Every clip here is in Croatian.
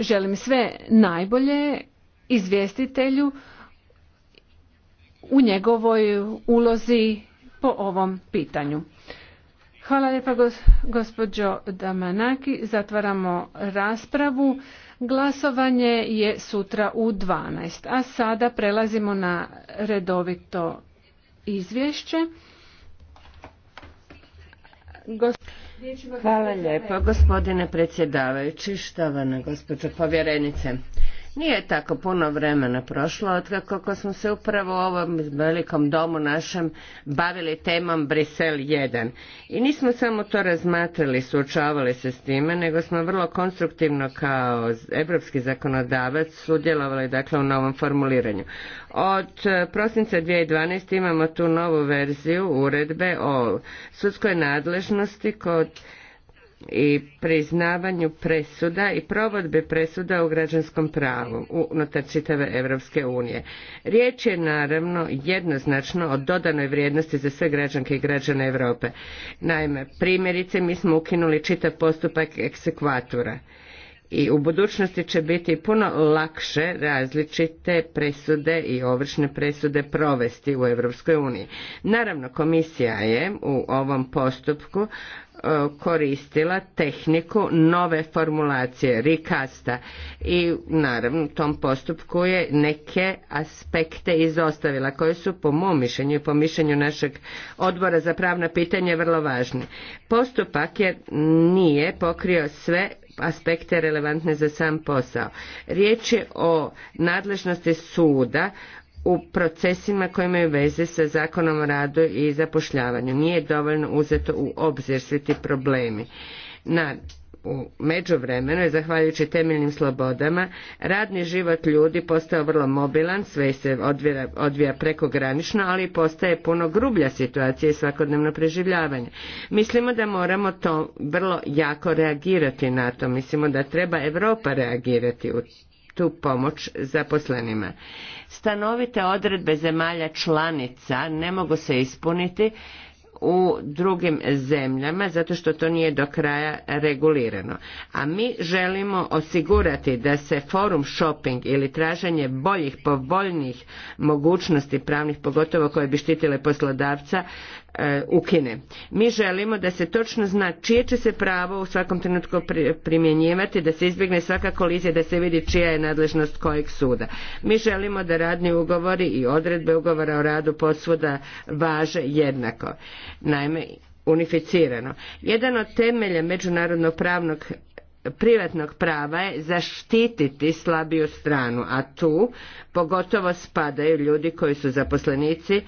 Želim sve najbolje izvjestitelju u njegovoj ulozi po ovom pitanju. Hvala lijepa gospođo Damanaki. Zatvaramo raspravu. Glasovanje je sutra u 12. A sada prelazimo na redovito izvješće. Hvala lijepo gospodine predsjedavajući, štovana gospođo povjerenice. Nije tako puno vremena prošlo otkako smo se upravo u ovom velikom domu našem bavili temom Brisel 1. I nismo samo to razmatrali, suočavali se s time, nego smo vrlo konstruktivno kao evropski zakonodavac sudjelovali dakle u novom formuliranju. Od e, prosinca 2012. imamo tu novu verziju uredbe o sudskoj nadležnosti kod i priznavanju presuda i provodbe presuda u građanskom pravu unutar čitave Europske unije. Riječ je naravno jednoznačno o dodanoj vrijednosti za sve građanke i građane Europe. Naime, primjerice mi smo ukinuli čitav postupak eksekvatora i u budućnosti će biti puno lakše različite presude i ovršne presude provesti u Europskoj uniji. Naravno, komisija je u ovom postupku E, koristila tehniku nove formulacije rikasta i naravno u tom postupku je neke aspekte izostavila koje su po mom mišljenju i po mišljenju našeg odbora za pravna pitanja vrlo važne. Postupak je nije pokrio sve aspekte relevantne za sam posao. Riječ je o nadležnosti suda u procesima koji imaju veze sa zakonom o radu i zapošljavanju. Nije dovoljno uzeto u obzir svi ti problemi. Na, u međuvremenu je, zahvaljujući temeljnim slobodama, radni život ljudi postao vrlo mobilan, sve se odvija, prekogranično, ali postaje puno grublja situacija i svakodnevno preživljavanje. Mislimo da moramo to vrlo jako reagirati na to. Mislimo da treba Europa reagirati u tu pomoć zaposlenima. Stanovite odredbe zemalja članica ne mogu se ispuniti u drugim zemljama zato što to nije do kraja regulirano. A mi želimo osigurati da se forum shopping ili traženje boljih, povoljnijih mogućnosti pravnih, pogotovo koje bi štitile poslodavca, E, ukine. Mi želimo da se točno zna čije će se pravo u svakom trenutku primjenjivati, da se izbjegne svaka kolizija, da se vidi čija je nadležnost kojeg suda. Mi želimo da radni ugovori i odredbe ugovora o radu posvuda važe jednako. Naime, unificirano. Jedan od temelja međunarodnog pravnog privatnog prava je zaštititi slabiju stranu, a tu pogotovo spadaju ljudi koji su zaposlenici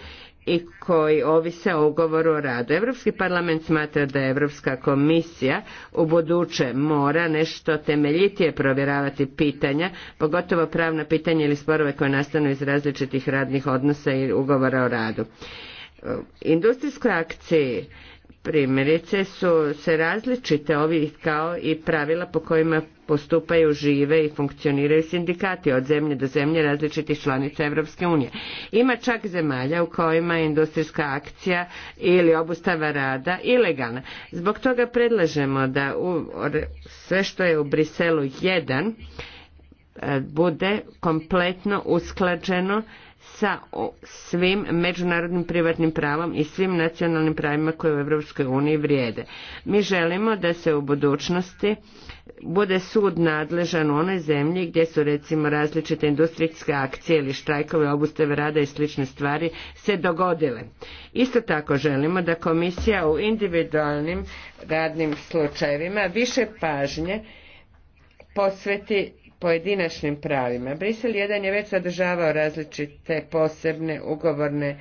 i koji ovise o ugovoru o radu. Europski parlament smatra da je Europska komisija u buduće mora nešto temeljitije provjeravati pitanja, pogotovo pravna pitanja ili sporove koje nastanu iz različitih radnih odnosa i ugovora o radu. Industrijskoj akciji primjerice su se različite ovih kao i pravila po kojima postupaju žive i funkcioniraju sindikati od zemlje do zemlje različitih članica Europske unije. Ima čak zemalja u kojima je industrijska akcija ili obustava rada ilegalna. Zbog toga predlažemo da sve što je u Briselu jedan e, bude kompletno usklađeno sa svim međunarodnim privatnim pravom i svim nacionalnim pravima koje u Europskoj uniji vrijede. Mi želimo da se u budućnosti bude sud nadležan u onoj zemlji gdje su recimo različite industrijske akcije ili štrajkove, obustave rada i slične stvari se dogodile. Isto tako želimo da komisija u individualnim radnim slučajevima više pažnje posveti pojedinačnim pravima. Brisel 1 je već sadržavao različite posebne ugovorne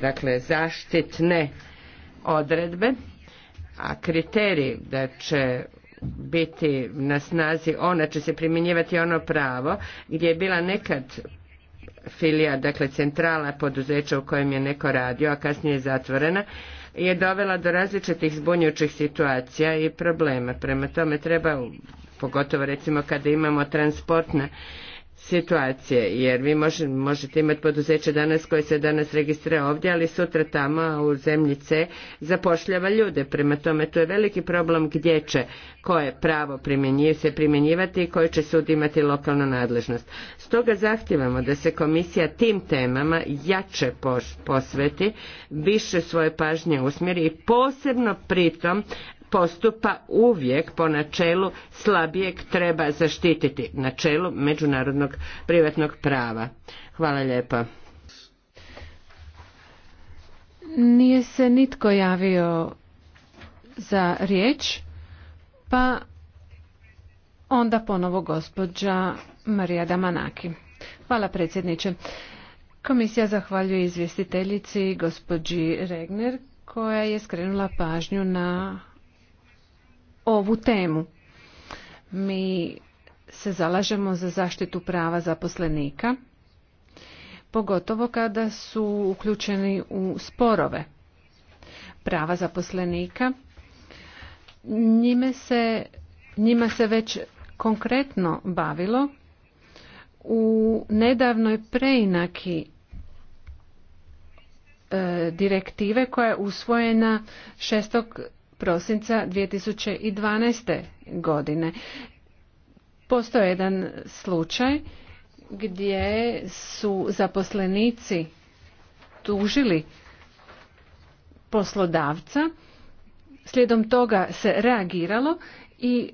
dakle zaštitne odredbe, a kriterij da će biti na snazi ona će se primjenjivati ono pravo gdje je bila nekad filija, dakle centrala poduzeća u kojem je neko radio, a kasnije je zatvorena, je dovela do različitih zbunjujućih situacija i problema. Prema tome treba, pogotovo recimo kada imamo transportne situacije, jer vi možete imati poduzeće danas koje se danas registra ovdje, ali sutra tamo u zemlji C zapošljava ljude. Prema tome, tu je veliki problem gdje će koje pravo se primjenjivati i koji će sud imati lokalnu nadležnost. Stoga zahtijevamo da se komisija tim temama jače posveti, više svoje pažnje usmjeri i posebno pritom postupa uvijek po načelu slabijeg treba zaštititi, načelu međunarodnog privatnog prava. Hvala lijepa. Nije se nitko javio za riječ, pa onda ponovo gospođa Marija Damanaki. Hvala predsjedniče. Komisija zahvaljuje izvjestiteljici gospođi Regner koja je skrenula pažnju na ovu temu. Mi se zalažemo za zaštitu prava zaposlenika, pogotovo kada su uključeni u sporove prava zaposlenika. Njime se, njima se već konkretno bavilo u nedavnoj preinaki e, direktive koja je usvojena šest prosinca 2012. godine. Postoje jedan slučaj gdje su zaposlenici tužili poslodavca. Slijedom toga se reagiralo i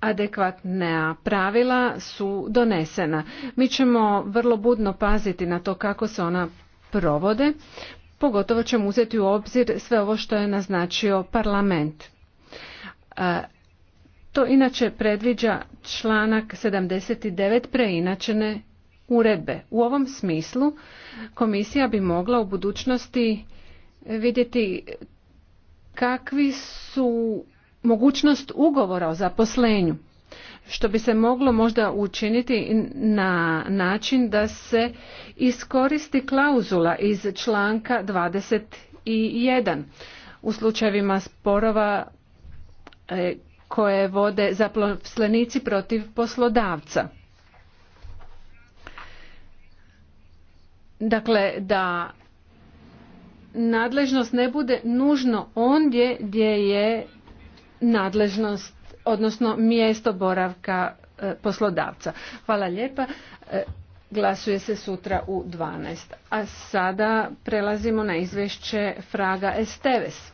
adekvatna pravila su donesena. Mi ćemo vrlo budno paziti na to kako se ona provode pogotovo ćemo uzeti u obzir sve ovo što je naznačio parlament. E, to inače predviđa članak 79 preinačene uredbe. U ovom smislu komisija bi mogla u budućnosti vidjeti kakvi su mogućnost ugovora o zaposlenju što bi se moglo možda učiniti na način da se iskoristi klauzula iz članka 21 u slučajevima sporova e, koje vode zaposlenici protiv poslodavca. Dakle, da nadležnost ne bude nužno ondje gdje je nadležnost odnosno mjesto boravka e, poslodavca. Hvala lijepa. E, glasuje se sutra u 12. A sada prelazimo na izvješće Fraga Esteves.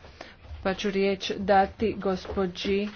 Pa ću riječ dati gospođi